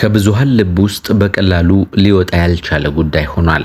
ከብዙሃን ልብ ውስጥ በቀላሉ ሊወጣ ያልቻለ ጉዳይ ሆኗል።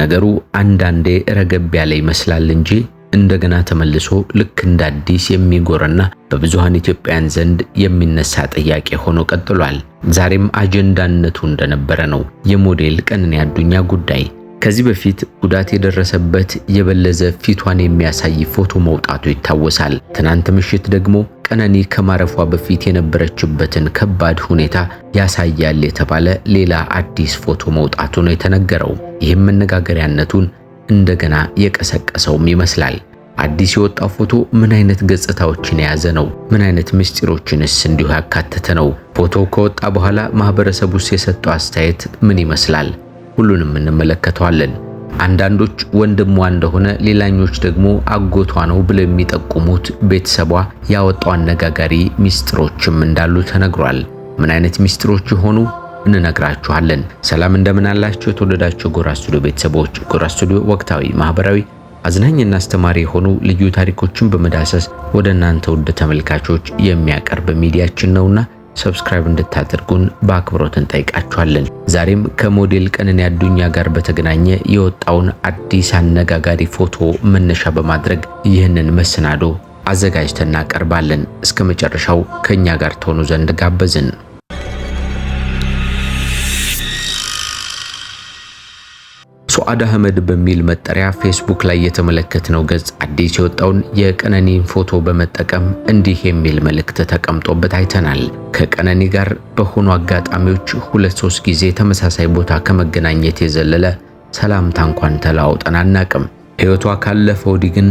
ነገሩ አንዳንዴ ረገብ ያለ ይመስላል እንጂ እንደገና ተመልሶ ልክ እንደ አዲስ የሚጎርና በብዙሃን ኢትዮጵያውያን ዘንድ የሚነሳ ጥያቄ ሆኖ ቀጥሏል። ዛሬም አጀንዳነቱ እንደነበረ ነው የሞዴል ቀነኒ አዱኛ ጉዳይ። ከዚህ በፊት ጉዳት የደረሰበት የበለዘ ፊቷን የሚያሳይ ፎቶ መውጣቱ ይታወሳል። ትናንት ምሽት ደግሞ ቀነኒ ከማረፏ በፊት የነበረችበትን ከባድ ሁኔታ ያሳያል የተባለ ሌላ አዲስ ፎቶ መውጣቱ ነው የተነገረው። ይህም መነጋገሪያነቱን እንደገና የቀሰቀሰውም ይመስላል። አዲስ የወጣው ፎቶ ምን አይነት ገጽታዎችን የያዘ ነው? ምን አይነት ምስጢሮችንስ እንዲሁ ያካተተ ነው? ፎቶው ከወጣ በኋላ ማህበረሰቡስ የሰጠው አስተያየት ምን ይመስላል? ሁሉንም እንመለከተዋለን። አንዳንዶች ወንድሟ እንደሆነ፣ ሌላኞች ደግሞ አጎቷ ነው ብለው የሚጠቁሙት ቤተሰቧ ያወጣው አነጋጋሪ ሚስጥሮችም እንዳሉ ተነግሯል። ምን አይነት ሚስጥሮች የሆኑ እንነግራችኋለን። ሰላም እንደምን አላችሁ የተወደዳችሁ ጎራ ስቱዲዮ ቤተሰቦች። ጎራ ስቱዲዮ ወቅታዊ፣ ማህበራዊ፣ አዝናኝና አስተማሪ የሆኑ ልዩ ታሪኮችን በመዳሰስ ወደ እናንተ ውድ ተመልካቾች የሚያቀርብ ሚዲያችን ነውና ሰብስክራይብ እንድታደርጉን በአክብሮት እንጠይቃችኋለን። ዛሬም ከሞዴል ቀነኒ አዱኛ ጋር በተገናኘ የወጣውን አዲስ አነጋጋሪ ፎቶ መነሻ በማድረግ ይህንን መሰናዶ አዘጋጅተን እናቀርባለን። እስከ መጨረሻው ከእኛ ጋር ትሆኑ ዘንድ ጋበዝን። ሱአድ አህመድ በሚል መጠሪያ ፌስቡክ ላይ የተመለከትነው ገጽ አዲስ የወጣውን የቀነኒን ፎቶ በመጠቀም እንዲህ የሚል መልእክት ተቀምጦበት አይተናል። ከቀነኒ ጋር በሆኑ አጋጣሚዎች ሁለት ሶስት ጊዜ ተመሳሳይ ቦታ ከመገናኘት የዘለለ ሰላምታ እንኳን ተለዋውጠን አናቅም። ሕይወቷ ካለፈ ወዲህ ግን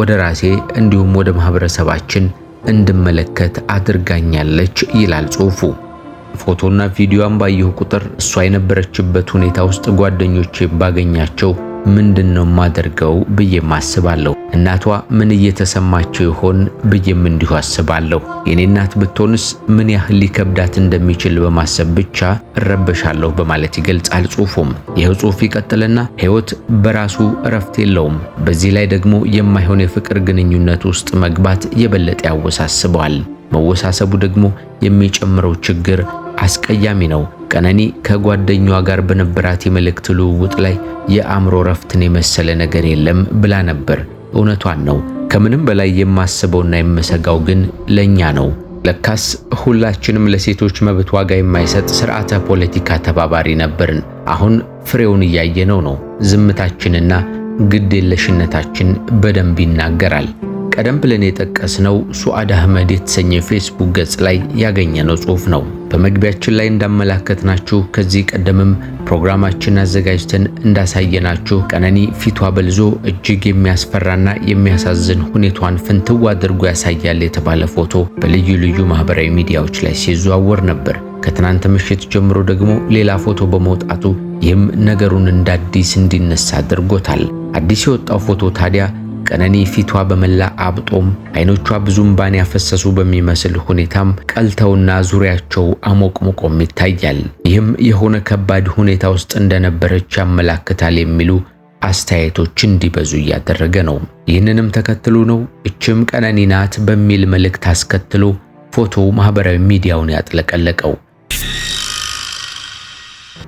ወደ ራሴ እንዲሁም ወደ ማህበረሰባችን እንድመለከት አድርጋኛለች ይላል ጽሑፉ። ፎቶና ቪዲዮን ባየሁ ቁጥር እሷ የነበረችበት ሁኔታ ውስጥ ጓደኞቼ ባገኛቸው ምንድን ነው ማደርገው ብዬም አስባለሁ። እናቷ ምን እየተሰማቸው ይሆን ብዬም እንዲሁ አስባለሁ። የኔ እናት ብትሆንስ ምን ያህል ሊከብዳት እንደሚችል በማሰብ ብቻ እረበሻለሁ በማለት ይገልጻል ጽሁፉም ይህ ጽሁፍ ይቀጥልና ሕይወት በራሱ እረፍት የለውም። በዚህ ላይ ደግሞ የማይሆን የፍቅር ግንኙነት ውስጥ መግባት የበለጠ ያወሳስበዋል። መወሳሰቡ ደግሞ የሚጨምረው ችግር አስቀያሚ ነው። ቀነኒ ከጓደኛዋ ጋር በነበራት የመልእክት ልውውጥ ላይ የአእምሮ ረፍትን የመሰለ ነገር የለም ብላ ነበር። እውነቷን ነው። ከምንም በላይ የማስበውና የምሰጋው ግን ለእኛ ነው። ለካስ ሁላችንም ለሴቶች መብት ዋጋ የማይሰጥ ስርዓተ ፖለቲካ ተባባሪ ነበርን። አሁን ፍሬውን እያየነው ነው። ዝምታችንና ግድ የለሽነታችን በደንብ ይናገራል። ቀደም ብለን የጠቀስነው ሱአድ አህመድ የተሰኘ ፌስቡክ ገጽ ላይ ያገኘነው ጽሑፍ ነው። በመግቢያችን ላይ እንዳመላከትናችሁ ከዚህ ቀደምም ፕሮግራማችን አዘጋጅተን እንዳሳየናችሁ ቀነኒ ፊቷ በልዞ እጅግ የሚያስፈራና የሚያሳዝን ሁኔታዋን ፍንትው አድርጎ ያሳያል የተባለ ፎቶ በልዩ ልዩ ማህበራዊ ሚዲያዎች ላይ ሲዘዋወር ነበር። ከትናንት ምሽት ጀምሮ ደግሞ ሌላ ፎቶ በመውጣቱ ይህም ነገሩን እንደ አዲስ እንዲነሳ አድርጎታል። አዲስ የወጣው ፎቶ ታዲያ ቀነኒ ፊቷ በመላ አብጦም አይኖቿ ብዙ እምባን ያፈሰሱ በሚመስል ሁኔታም ቀልተውና ዙሪያቸው አሞቅሞቆም ይታያል። ይህም የሆነ ከባድ ሁኔታ ውስጥ እንደነበረች ያመላክታል የሚሉ አስተያየቶች እንዲበዙ እያደረገ ነው። ይህንንም ተከትሎ ነው እችም ቀነኒ ናት በሚል መልእክት አስከትሎ ፎቶው ማህበራዊ ሚዲያውን ያጥለቀለቀው።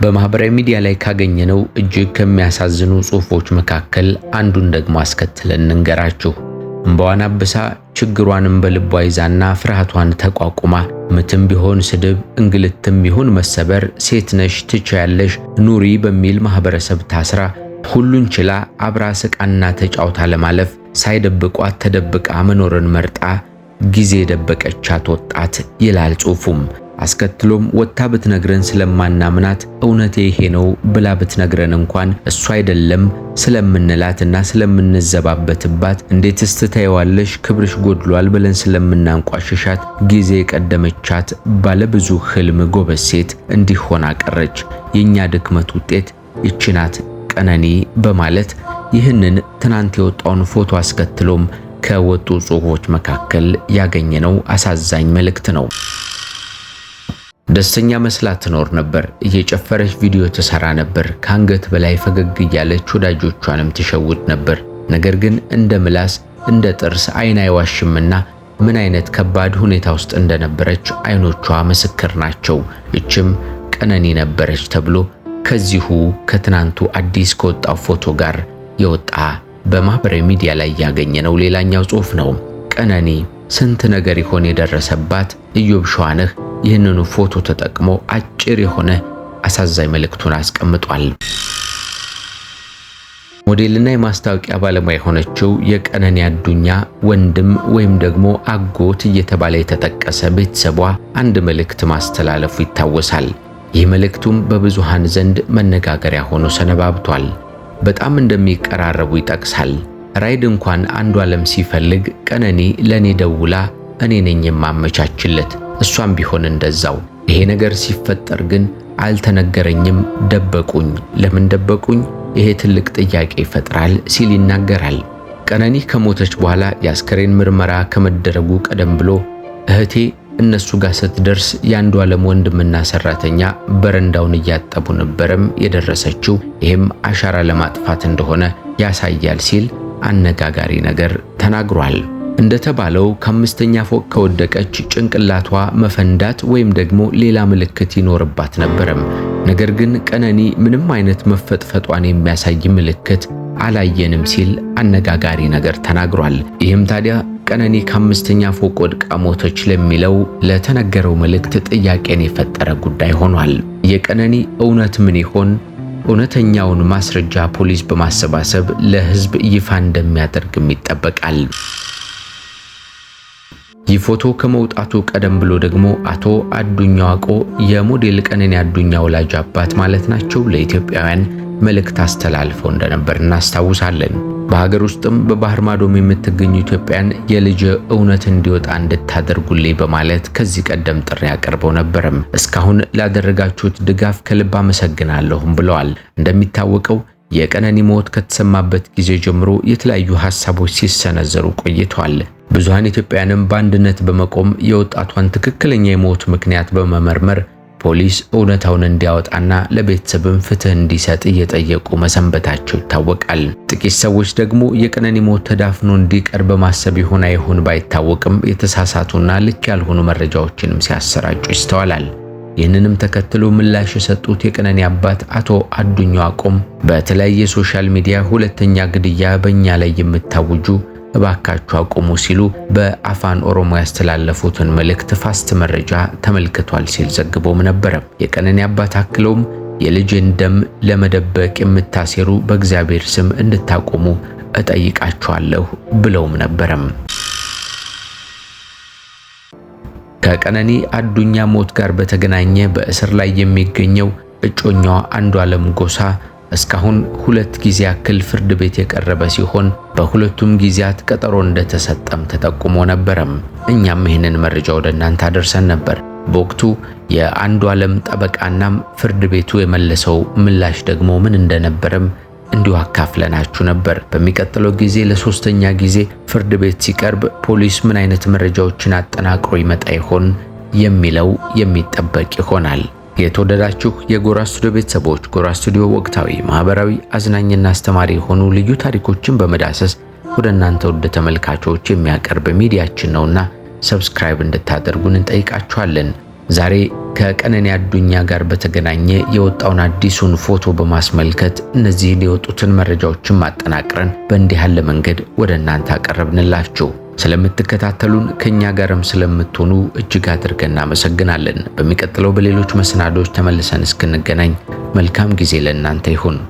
በማህበራዊ ሚዲያ ላይ ካገኘነው እጅግ ከሚያሳዝኑ ጽሁፎች መካከል አንዱን ደግሞ አስከትለን እንገራችሁ። እምባዋን አብሳ ችግሯንም በልቧ ይዛና ፍርሃቷን ተቋቁማ ምትም ቢሆን ስድብ፣ እንግልትም ቢሆን መሰበር፣ ሴት ነሽ ትቻያለሽ ኑሪ በሚል ማህበረሰብ ታስራ ሁሉን ችላ አብራ ስቃና ተጫውታ ለማለፍ ሳይደብቋት ተደብቃ መኖርን መርጣ ጊዜ ደበቀቻት ወጣት ይላል ጽሁፉም። አስከትሎም ወጣ ብትነግረን ስለማናምናት እውነቴ ይሄ ነው ብላ ብትነግረን እንኳን እሱ አይደለም ስለምንላትና ስለምንዘባበትባት እንዴት ስትታይዋለሽ ክብርሽ ጎድሏል ብለን ስለምናንቋሽሻት ጊዜ የቀደመቻት ባለብዙ ብዙ ጎበዝ ሴት እንዲሆን አቀረች። የእኛ ድክመት ውጤት ይችናት ቀነኒ በማለት ይህንን ትናንት የወጣውን ፎቶ አስከትሎም ከወጡ ጽሑፎች መካከል ያገኘነው አሳዛኝ መልእክት ነው። ደስተኛ መስላ ትኖር ነበር። እየጨፈረች ቪዲዮ ትሰራ ነበር። ከአንገት በላይ ፈገግ እያለች ወዳጆቿንም ትሸውድ ነበር። ነገር ግን እንደ ምላስ እንደ ጥርስ አይን አይዋሽምና ምን አይነት ከባድ ሁኔታ ውስጥ እንደነበረች አይኖቿ ምስክር ናቸው። እችም ቀነኒ ነበረች ተብሎ ከዚሁ ከትናንቱ አዲስ ከወጣው ፎቶ ጋር የወጣ በማህበራዊ ሚዲያ ላይ ያገኘ ነው ሌላኛው ጽሑፍ ነው። ቀነኒ ስንት ነገር ይሆን የደረሰባት ኢዮብ ሸዋነህ ይህንኑ ፎቶ ተጠቅሞ አጭር የሆነ አሳዛኝ መልእክቱን አስቀምጧል። ሞዴልና የማስታወቂያ ባለሙያ የሆነችው የቀነኒ አዱኛ ወንድም ወይም ደግሞ አጎት እየተባለ የተጠቀሰ ቤተሰቧ አንድ መልእክት ማስተላለፉ ይታወሳል። ይህ መልእክቱም በብዙሃን ዘንድ መነጋገሪያ ሆኖ ሰነባብቷል። በጣም እንደሚቀራረቡ ይጠቅሳል። ራይድ እንኳን አንዱ ዓለም ሲፈልግ ቀነኒ ለኔ ደውላ እኔ ነኝ የማመቻችለት። እሷም ቢሆን እንደዛው። ይሄ ነገር ሲፈጠር ግን አልተነገረኝም፣ ደበቁኝ። ለምን ደበቁኝ? ይሄ ትልቅ ጥያቄ ይፈጥራል ሲል ይናገራል። ቀነኒ ከሞተች በኋላ የአስከሬን ምርመራ ከመደረጉ ቀደም ብሎ እህቴ እነሱ ጋር ስትደርስ የአንዱ ዓለም ወንድምና ሰራተኛ በረንዳውን እያጠቡ ነበረም የደረሰችው። ይህም አሻራ ለማጥፋት እንደሆነ ያሳያል ሲል አነጋጋሪ ነገር ተናግሯል። እንደተባለው ከአምስተኛ ፎቅ ከወደቀች ጭንቅላቷ መፈንዳት ወይም ደግሞ ሌላ ምልክት ይኖርባት ነበረም። ነገር ግን ቀነኒ ምንም አይነት መፈጥፈጧን የሚያሳይ ምልክት አላየንም ሲል አነጋጋሪ ነገር ተናግሯል። ይህም ታዲያ ቀነኒ ከአምስተኛ ፎቅ ወድቃ ሞተች ለሚለው ለተነገረው መልእክት ጥያቄን የፈጠረ ጉዳይ ሆኗል። የቀነኒ እውነት ምን ይሆን? እውነተኛውን ማስረጃ ፖሊስ በማሰባሰብ ለህዝብ ይፋ እንደሚያደርግም ይጠበቃል። ይህ ፎቶ ከመውጣቱ ቀደም ብሎ ደግሞ አቶ አዱኛ ዋቆ የሞዴል ቀነኒ አዱኛ ወላጅ አባት ማለት ናቸው ለኢትዮጵያውያን መልእክት አስተላልፈው እንደነበር እናስታውሳለን። በሀገር ውስጥም በባህር ማዶም የምትገኙ ኢትዮጵያን የልጅ እውነት እንዲወጣ እንድታደርጉልኝ በማለት ከዚህ ቀደም ጥሪ አቅርበው ነበርም። እስካሁን ላደረጋችሁት ድጋፍ ከልብ አመሰግናለሁም ብለዋል። እንደሚታወቀው የቀነኒ ሞት ከተሰማበት ጊዜ ጀምሮ የተለያዩ ሀሳቦች ሲሰነዘሩ ቆይተዋል። ብዙሃን ኢትዮጵያንም በአንድነት በመቆም የወጣቷን ትክክለኛ የሞት ምክንያት በመመርመር ፖሊስ እውነታውን እንዲያወጣና ለቤተሰብም ፍትህ እንዲሰጥ እየጠየቁ መሰንበታቸው ይታወቃል። ጥቂት ሰዎች ደግሞ የቀነኒ ሞት ተዳፍኖ እንዲቀር በማሰብ ይሁን አይሁን ባይታወቅም የተሳሳቱና ልክ ያልሆኑ መረጃዎችንም ሲያሰራጩ ይስተዋላል። ይህንንም ተከትሎ ምላሽ የሰጡት የቀነኒ አባት አቶ አዱኛ አቁም በተለያየ ሶሻል ሚዲያ ሁለተኛ ግድያ በእኛ ላይ የምታውጁ እባካችሁ አቁሙ ሲሉ በአፋን ኦሮሞ ያስተላለፉትን መልእክት ፋስት መረጃ ተመልክቷል ሲል ዘግቦም ነበረ። የቀነኒ አባት አክለውም የልጅን ደም ለመደበቅ የምታሴሩ በእግዚአብሔር ስም እንድታቆሙ እጠይቃችኋለሁ ብለውም ነበረም። ከቀነኒ አዱኛ ሞት ጋር በተገናኘ በእስር ላይ የሚገኘው እጮኛዋ ዓለም ጎሳ እስካሁን ሁለት ጊዜ ያክል ፍርድ ቤት የቀረበ ሲሆን በሁለቱም ጊዜያት ቀጠሮ እንደተሰጠም ተጠቁሞ ነበረም። እኛም ይህንን መረጃ ወደ እናንተ አደርሰን ነበር። በወቅቱ የአንዱ ዓለም ጠበቃናም ፍርድ ቤቱ የመለሰው ምላሽ ደግሞ ምን እንደነበረም እንዲሁ አካፍለናችሁ ነበር። በሚቀጥለው ጊዜ ለሶስተኛ ጊዜ ፍርድ ቤት ሲቀርብ ፖሊስ ምን አይነት መረጃዎችን አጠናቅሮ ይመጣ ይሆን የሚለው የሚጠበቅ ይሆናል። የተወደዳችሁ የጎራ ስቱዲዮ ቤተሰቦች ጎራ ስቱዲዮ ወቅታዊ፣ ማህበራዊ፣ አዝናኝና አስተማሪ የሆኑ ልዩ ታሪኮችን በመዳሰስ ወደ እናንተ ወደ ተመልካቾች የሚያቀርብ ሚዲያችን ነውና ሰብስክራይብ እንድታደርጉን እንጠይቃችኋለን። ዛሬ ከቀነኒ አዱኛ ጋር በተገናኘ የወጣውን አዲሱን ፎቶ በማስመልከት እነዚህን የወጡትን መረጃዎችን ማጠናቅረን በእንዲህ ያለ መንገድ ወደ እናንተ አቀረብንላችሁ። ስለምትከታተሉን ከኛ ጋርም ስለምትሆኑ እጅግ አድርገን እናመሰግናለን። በሚቀጥለው በሌሎች መሰናዶዎች ተመልሰን እስክንገናኝ መልካም ጊዜ ለእናንተ ይሁን።